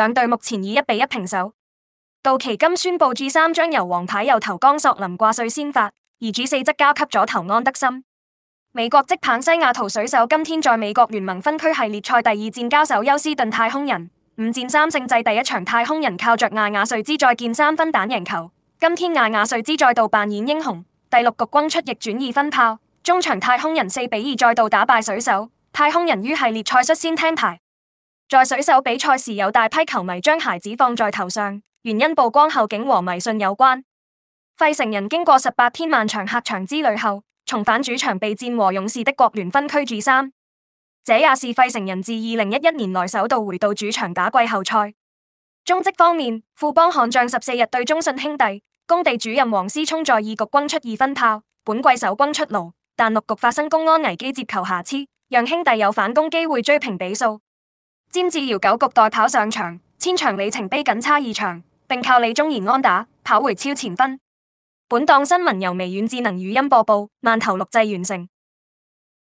兩隊目前以一比一平手。道奇今宣布 g 三將由王牌右投江索林掛帥先發，而 g 四則交給左投安德森。美國即棒西雅圖水手今天在美國聯盟分區系列賽第二戰交手休斯敦太空人，五戰三勝制第一場太空人靠着亞亞瑞茲再見三分彈贏球。今天亞亞瑞茲再度扮演英雄，第六局轟出逆轉二分炮，終場太空人四比二再度打敗水手，太空人於系列賽率先聽牌。在水手比賽時，有大批球迷將鞋子放在頭上。原因曝光後，竟和迷信有關。費城人經過十八天漫長客場之旅後，重返主場備戰和勇士的國聯分區主三。這也是費城人自二零一一年來首度回到主場打季後賽。中職方面，富邦悍將十四日對中信兄弟，工地主任王思聰在二局轟出二分炮，本季首轟出爐，但六局發生公安危機接球瑕疵，讓兄弟有反攻機會追平比數。詹志堯九局代跑上場，千場里程碑僅差二場，並靠李宗賢安打跑回超前分。本檔新聞由微軟智能語音播報，慢頭錄製完成。